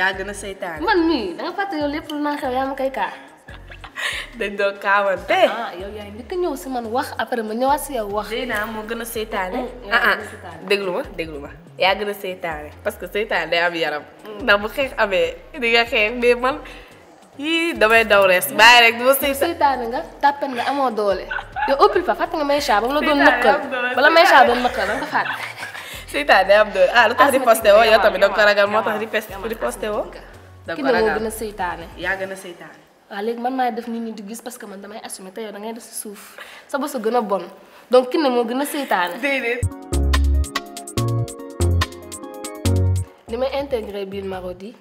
yaa gën a man mii da nga fàtte yow lu xew ma dañ ah yow yaay njëkk ñëw si man wax après ma ñëwaat si yow wax dinaa moo gën ah ah déglu ma déglu ma yaa parce que seytaane day am yaram ndax bu xeex amee di nga xeex mais man yii damay daw rees bàyyi rek du ma nga tàppen nga amoo doole yow ëppil fa fàtte nga may caa ba la doon bala may doon nga Sitadem do. Ah, lutar ripostewo ah, yo tamit donc ragal motax ripostewo. Da ko ragal. Ki gëna seytaane. Ya gëna seytaane. waaw léegi man may def nit ñi di gis parce que man damay assumer te da ngay def si suuf sa bosu gëna bon donc ki ne moo gën a Dede, déedéet li may intégré Marodi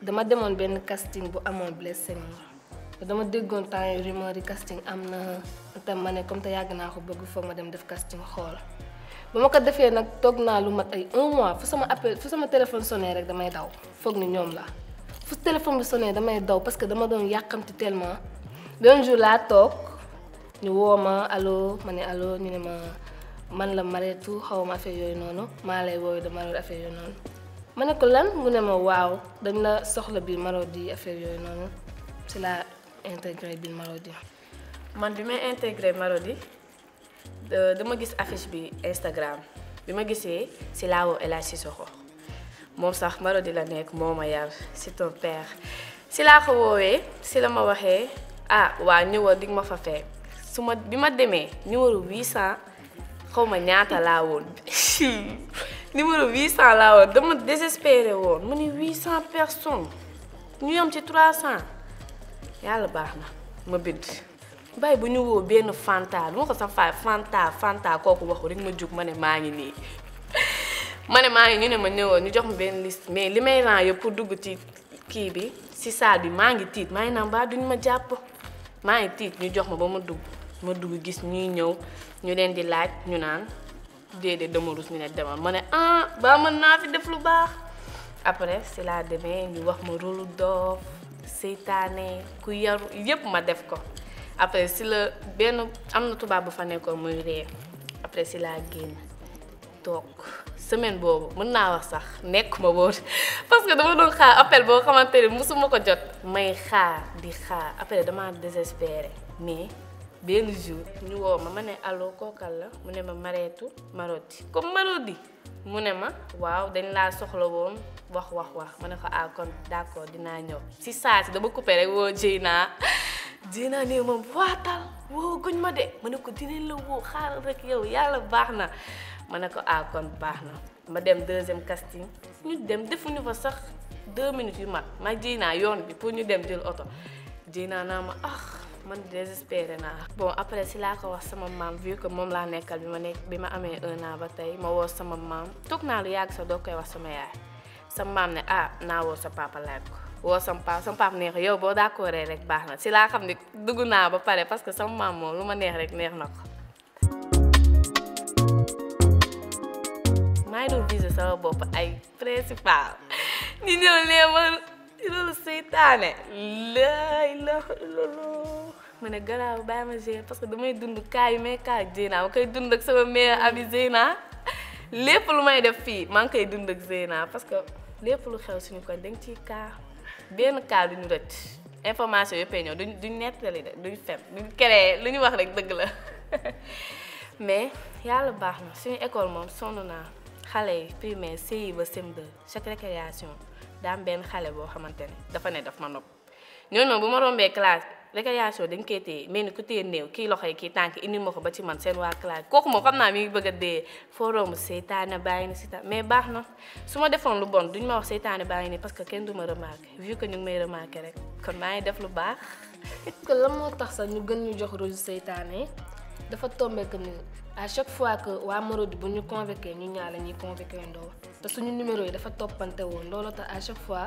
dama demone ben casting bu amoon blessing, te dama ya déggoon tay rumeur yi casting amna tam mané comme te yàgg naa ko bëgg fo ma dem def casting xool ba ma ko defee nag toog naa lu mat ay un mois fu sama appel fu sama téléphone sonné rek damay daw foog ni ñoom la fu téléphone bi sonné damay daw parce que dama doon yàqamti tellement benn jour laa toog ñu woo ma allo ma ne allo ñu ne ma man la Marietou xaw ma yooyu noonu maa lay wooyu dama doon affaire yooyu noonu. ma ne ko lan mu ne ma waaw dañ la soxla biir Marodi affaire yooyu noonu ci la intégré biir Marodi. man bi may intégré Marodi. Euh, dama gis affiche bi Instagram bi ma gisee si laawoo El Hadj Cissokho moom sax Marodi la nek moma yar c'est ton père si laa ko woowee si la ma waxé ah wa ñëwal dig ma fa fé suma ma bi ma demee numéro 800 xawma ma ñaata laa woon numéro 800 laa woon dama désespéré woon mu ni 800 personnes ñu yem ci 300 yalla baxna ma bind. bàyyi bu ñu woo benn fanta lu ma ko sax faay fanta fanta kooku waxu rek ma jug ma ne maa ngi nii ma ne maa ngi ñu ne ma ñëwoon ñu jox ma benn liste mais li may ran yëpp pour dugg ci kii bi si salle bi maa ngi tiit maa ngi naan ba duñ ma jàpp maa ngi tiit ñu jox ma ba ma dugg ma dugg gis ñuy ñëw ñu leen di laaj ñu naan déedéet dama rus ñu ne demal ma ne ah ba mën naa fi def lu baax après si laa demee ñu wax ma rôlu doof seytaane ku yaru yëpp ma def ko après c'est le benn am na tubaab bu fa nekkoon muy ree après si laa génn toog semaine boobu mën naa wax sax nekkuma boobu parce que dama doon xaar appel boo xamante ne mosuma ko jot may xaar di xaar après dama désespéré mais benn jour ñu woo ma ma ne allo kookal la mu ne ma mareetu Marodi comme Marodi mu ne ma waaw dañ laa soxla woon wax wax wax ma ko ah kon d'accord dinaa ñëw si ça, si dama coupé rek woo jëy dinaa ne ma waatal woo guñ ma de ma ne ko dinañ la woo xaaral rek yow yàlla baax na ma ne ko ah kon baax na ma dem deuxième casting ñu dem defuñu fa sax deux minutes yu mat ma ji naa yoon bi pour ñu dem jël oto ji naa naa ma ah man désespéré naa. bon après si laa ko wax sama maam vu ko moom laa nekkal bi ma nekk bi ma amee un ba tey ma woo sama maam toog naa lu yàgg sa doo koy wax sama yaay sa maam ne ah naa woo sa papa laaj ko. woo sama paap sama paap neex yow boo d'accord rek baax na si laa xam ne dugg naa ba pare parce que sama maam moom lu ma neex rek neex na ko. maa ngi doon viser sama bopp ay ne garaaw bàyyi ma parce que damay dund kaa yi may kaa Zeyna ma koy dund ak sama meilleur ami Zeyna lu may def fii maa ngi koy dund ak Zeyna parce que lépp lu xew suñu ko dañ ciy kaa. benn cas du ñu rëcc information yëppee ñëw duñ duñ nettali de duñ fen duñ créé lu ñu wax rek dëgg la mais yàlla baax na suñu école moom sonn naa xale yi primaire CI ba CM2 chaque récréation daam benn xale boo xamante ne dafa ne daf ma nopp ñooñu moom bu ma rombee classe. récréation dañ koy téye mel ni ku téye néew kii loxo yi kii tànk indi ma ko ba ci man seen waa classe kooku moom xam naa mi ngi bëgg a dee foo romb seytaane bàyyi ni seytaane mais baax na su ma defoon lu bon duñ ma wax seytaane bàyyi ni parce que kenn du ma remarqué vu que ñu may remarqué rek kon maa ngi def lu baax. que lan moo tax sax ñu gën ñu jox rôle seytaane dafa tombé que ni à chaque fois que waa Marodi bu ñu convoqué ñu ñaar la ñuy convoqué ndoo te suñu numéro yi dafa toppante woon looloo tax à chaque fois.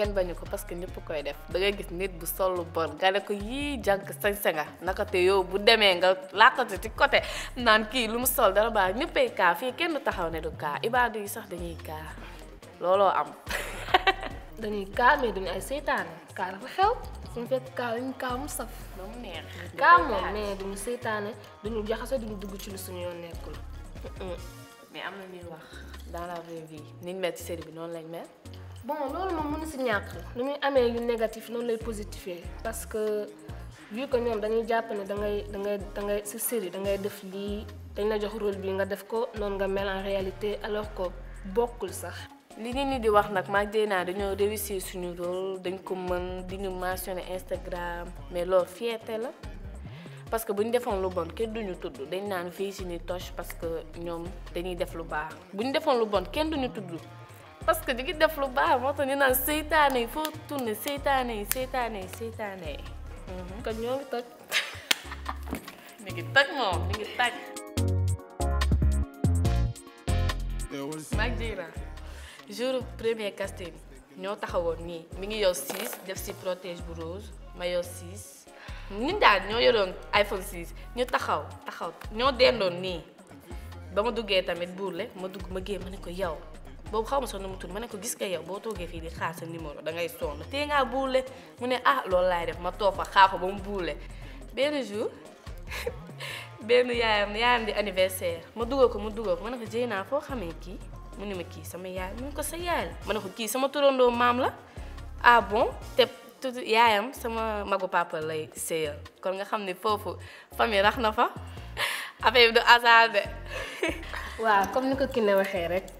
ken bañu ko parce que ñepp koy e def da ngay gis nit bu sollu bon nga ko yi jank sañ nga naka te yow bu démé nga làqate ci côté nan ki lu mu sol dara baax ñëppay ka fi kenn taxaw né du ka ibadu yi sax dañuy ka lolo am dañuy ka mé duñu ay seytaane ka la xew suñu fekk ka ñu ka mu saf no mu neex kaa moom mais duñu seytaane duñu jaxase duñu dugg ci lu suñu yoon nekkul mais amna ñuy wax dans la vraie vie niñ mel ci série bi non lañ mel bon loolu moom mënu si ñàkk nu muy amee yu négatif noonu lay positifee parce que vu que ñoom dañuy jàpp ne da ngay da ngay série da def lii dañ la jox en réalité alors que bokkul sax. li nit ñi di wax nag nous dañoo réussir suñu rôle dañ ko mën di Instagram mais loolu fierté la parce que bu ñu lu bon kenn duñu tudd dañ si ni toche parce que nous dañuy def lu baax bu lu bon duñu parce que jigi def lu baax mo tan ni nan seytaane fo tourné seytaane yi seytaane hmm kon ñoo ngi toj mi ngi toj mo ni ngi tak Magdira, jour premier casting ñoo taxawon ni mi ngi yow 6 def ci protège bu rose ma yow 6 ñun daal ñoo yoron iPhone 6 ñu taxaw taxaw ñoo dendoon ni bama duggé tamit bourlé ma dugg ma géey mané ko yow boobu xaw ma sa numu tur ma ne ko gis nga yow boo toogee fii di xaar sa numéro da ngay te tee ngaa buule mu ne ah loolu laay def ma toog fa xaar ko ba mu buule benn jour benn yaayam yaayam di anniversaire ma dugal ko ma dugal ko ma ne ko jéy naa foo xamee kii mu ne ma kii sama yaay mu ne ko sa yaay la ma ne ko kii sama turandoo maam la ah bon te yaayam sama magu papa lay séyal kon nga xam ne foofu famille rax na fa affaire bi du hasard de waaw comme ni waxee rek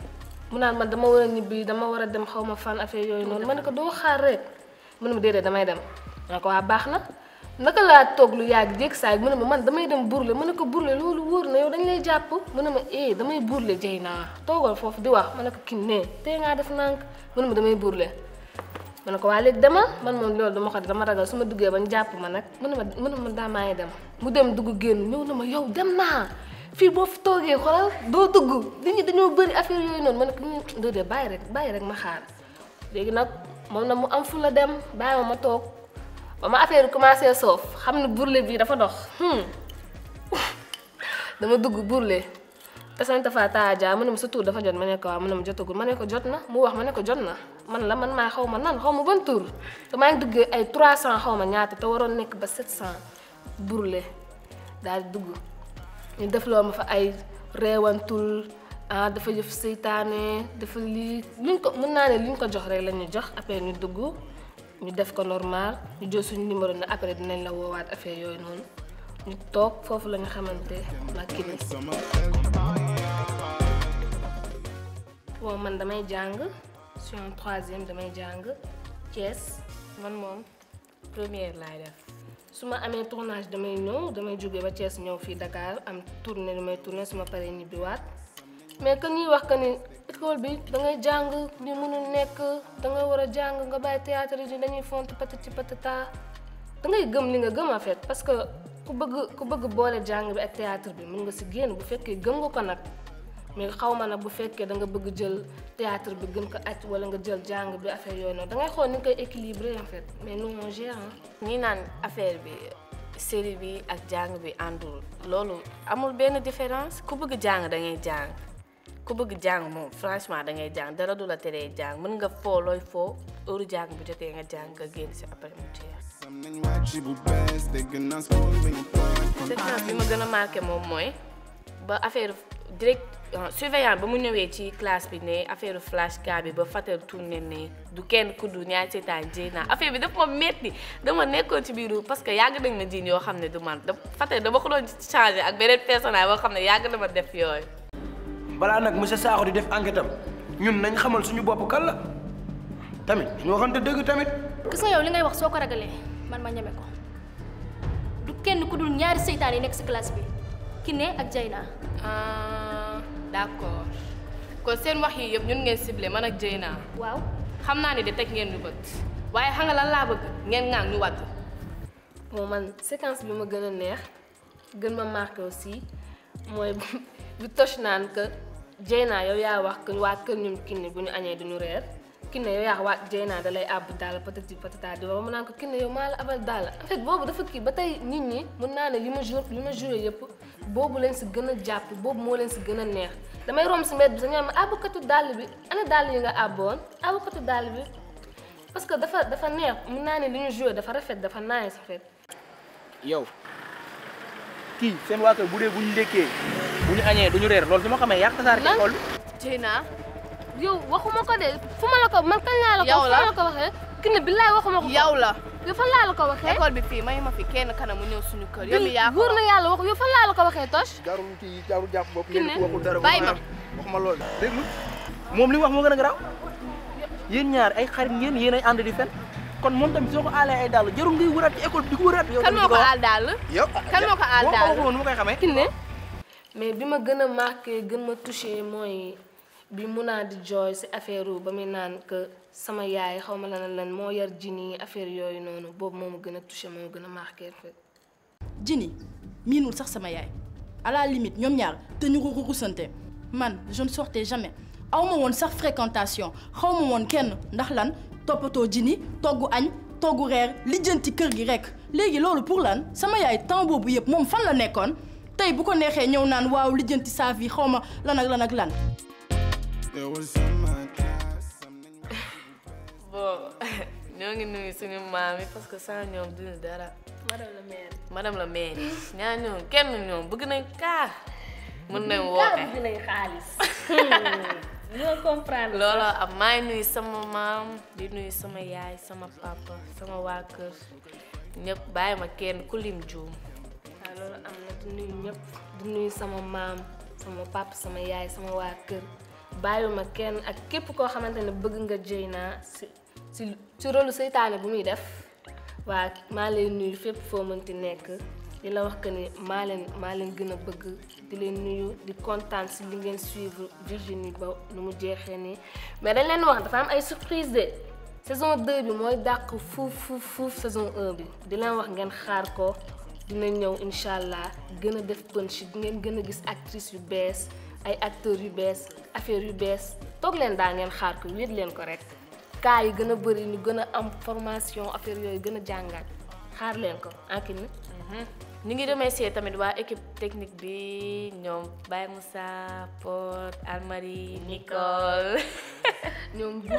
mu naan man dama war a ñibbi dama war a dem xaw ma fan affaire yooyu noonu ma ne ko doo xaar rek mu ne ma déedéet damay dem ma ne ko waa baax na naka laa toog lu yàgg jéeg saa mu ne ma man damay dem burle ma ne ko burle loolu wóor na yow dañ lay jàpp mu ne ma eh damay burle jey naa toogal foofu di wax ma ne ko kinne tey ngaa def nànk mu ne ma damay burle ma ne ko waa léegi demal man moom loolu dama ko dama ragal su ma duggee bañ jàpp ma nag mu ne ma mu ne ma daa maa dem mu dem dugg génn ñëw na ma yow dem naa fii boo fi toogee xoolal doo dugg nit ñi dañoo bëri affaire yooyu noonu ma ne ko déedéet bàyyi rek ma xaar léegi nag moom na mu am fu dem bàyyi ma toog ba ma affaire commencé soof xam ne burle bii dafa dox hmm. dama dugg burle te sant fa taaja ma ne sa tur dafa jot ma ne ko waaw ma ma jotagul ma ne ko jot na mu wax ma ne ko jot na man la man maa xaw ma nan xaw ma ban tur te maa ngi duggee ay 300 xaw ma ñaata te waroon nekk ba 700 burle daal di dugg. ñu def loo ma fa ay reewantul ah dafa jëf seytaane dafa lii luñ ko mën naa ne luñ ko jox rek la ñu jox après ñu dugg ñu def ko normal ñu jël suñu numéro ne après dinañ la woowaat affaire yooyu noonu ñu toog foofu la ñu xamante la kii bon man damay jàng je suis en troisième damay jàng Thiès man moom première laay def. su ma amee tournage damay ñëw damay jóge ba Thiès ñëw fii Dakar am tournée damay tourné su ma paree ñibbiwaat mais que ñuy wax que ni école bi dangay jàng li mënul nekk da war a jàng nga bàyyi théâtre yi dañuy font patati patata da ngay gëm li nga gëm en fait parce que ku bëgg ku bëgg boole jàng bi ak théâtre bi mën nga si génn bu fekkee gëm nga ko nag. mais xaw ma na bu fekkee da nga bëgg jël théâtre bi gën ko aj wala nga jël jàng bi affaire yooyu noonu da xool ni koy équilibré en fait mais nous on gère ñi naan affaire bi série bi ak jàng bi àndul loolu amul benn différence ku bëgg jàng da ngay jàng ku bëgg jàng moom franchement da ngay jàng dara du la tere jàng mën nga foo looy foo heure jàng bi jotee nga jàng nga génn si après mu bi ma gën a marqué moom mooy ba affaire. direct euh, surveillant ba mu ñëwee ci classe bi ne affaire flash cas bi ba fatal tourné ne du kenn kuddu ñaari seetaan jéy naa affaire bi daf ma metti dama nekkoon ci biiru parce que yàgg nañ ma jiin yoo xam ne du man da fatal dama ak beneen personnage boo xam ne yàgg na def yooyu balaa nag monsieur Sakho di def enquête ñun nañ xamal suñu bopp kan la tamit ñu waxante dëgg tamit gis li ngay wax soo ko ragalee man ma ñeme ko du kenn ku dul ñaari seytaan yi nekk si bi Kiné ak Dieyna. ah d'accord kon seen wax yi yëpp ñun ngeen ciblé man ak naa waaw xam naa ne de teg ngeen ñu bët waaye xam nga lan laa bëgg ngeen ŋaang ñu wàddu. moo man séquence bi ma gën a neex gën ma marqué aussi mooy bu toj naan que naa yow yaa wax que waa kër ñun Kiné bu ñu añee duñu reer. kinne yow yaa waa jey naa da lay àbb daal patati patata di ba mu naan ko kinne yow maa la abal daal en fait boobu dafa kii ba tey nit ñi mën naa ne li ma joué li ma joué yëpp boobu leen si gën a jàpp boobu moo leen si gën a neex damay romb si mbedd bi dañu am àbbkatu dàll bi ana dàll yi nga àbboon àbbkatu dàll bi parce que dafa dafa neex mun naa ne li ñu joué dafa rafet dafa nice en fait yow kii seen waa bu dee bu ñu ndékkee bu ñu añee du ñu reer loolu su ma xamee yàq tasaar yow waxuma ko de fu ma la ko man kañ laa la fu ma la waxee. kii na waxuma ko. yow yow fan laa la ko waxee. école bi fii may ma fi kenn kana mu ñëw suñu kër. yow yaa ko na yàlla wax yow fan laa la waxee Toch. jarul kii jarul jàpp bopp. ma waxuma loolu li mu wax a garaaw ñaar ay xarit ngeen yéen ay ànd di fen kon moom tamit soo ko aalee ay dàll jarul ngay wëraat ci école bi di yow tamit moo ko aal dàll. yow moo ko aal dàll boo ko bi ma gën a marqué gën ma touché mooy bi mun naa di joy si affaire ba muy naan que sama yaay xaw ma lan lan moo yar jini affaire yooyu noonu boobu moo ma gën a touché moo gën a marqué en fait. jini miinul sax sama yaay à la limite ñoom ñaar te ñu ko rusante man je ne sortais jamais aw ma woon sax fréquentation xaw ma woon kenn ndax lan toppatoo jini toggu añ toggu reer lijjanti kër gi rek léegi loolu pour lan sama yaay temps boobu yëpp moom fan la nekkoon tey bu ko neexee ñëw naan waaw lijjanti saaf yi xaw ma lan ak lan ak lan. bon ñoo ngi nuyu suñu maam yi parce que sans ñoom duñu dara. madame la maire. madame la maire ñaa ñoom kenn ñoom bëgg nañ kaa. mën nañ woote hmm. loolu am maa nuyu sama maam di nuyu sama yaay sama papa sama waa kër ñëpp bàyyi ma kenn ku lim juum. waaw loolu am na di nuyu ñëpp di nuyu sama maam sama papa sama yaay sama waa kër. bayuma kenn ak képp koo xamante ne bëgg nga jëy naa si si ci rôlu seytaane bu muy def waa maa lay nuyu fépp foo mënti nekk di la wax que ni maa leen maa leen gën a bëgg di leen nuyu di kontaan si li ngeen suivre Virginie ba nu mu jeexee nii mais dañ leen wax dafa am ay surprise de saison 2 bi mooy dàq fuuf fuuf fuuf saison 1 bi di leen wax ngeen xaar ko dina ñëw incha allah gën a def punch di ngeen gën a gis actrice yu bees ay acteurs yu bees affaire yu bees toog leen daa ngeen xaar ko wéet leen ko rek cas yi gën a bëri ñu gën a am formation affaire yooyu gën a jàngaat xaar leen ko enquête ah, mhm. ñu ngi remercier tamit waa équipe technique bi ñoom Baye Moussa Pod Almari Nicole ñoom bu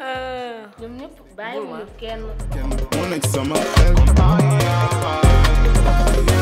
ah. ñoom ñëpp bàyyi mu kenn. kenn mu nekk sama xel.